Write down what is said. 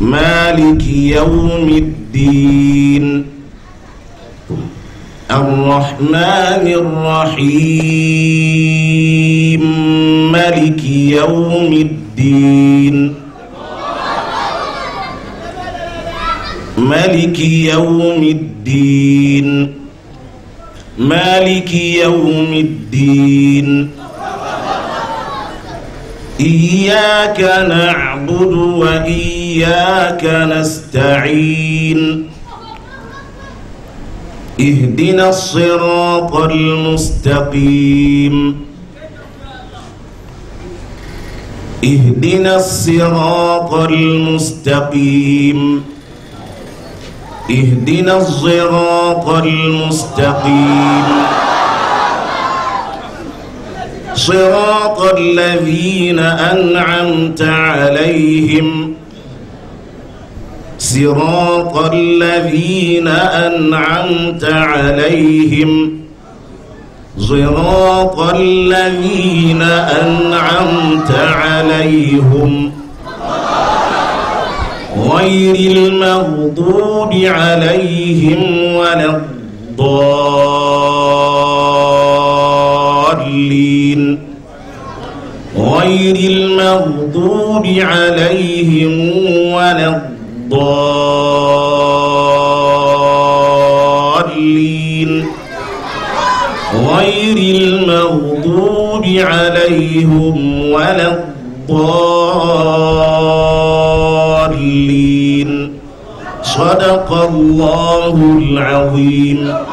مالك يوم الدين الرحمن الرحيم ملك يوم الدين ملك يوم الدين مالك يوم الدين إياك نعبد وإياك نستعين اهدنا الصراط المستقيم اهدنا الصراط المستقيم اهدنا الصراط المستقيم صراط الذين أنعمت عليهم صراط الذين أنعمت عليهم صراط الذين أنعمت عليهم غير المغضوب عليهم ولا الضالين المضلين غير المغضوب عليهم ولا الضالين غير المغضوب عليهم ولا الضالين صدق الله العظيم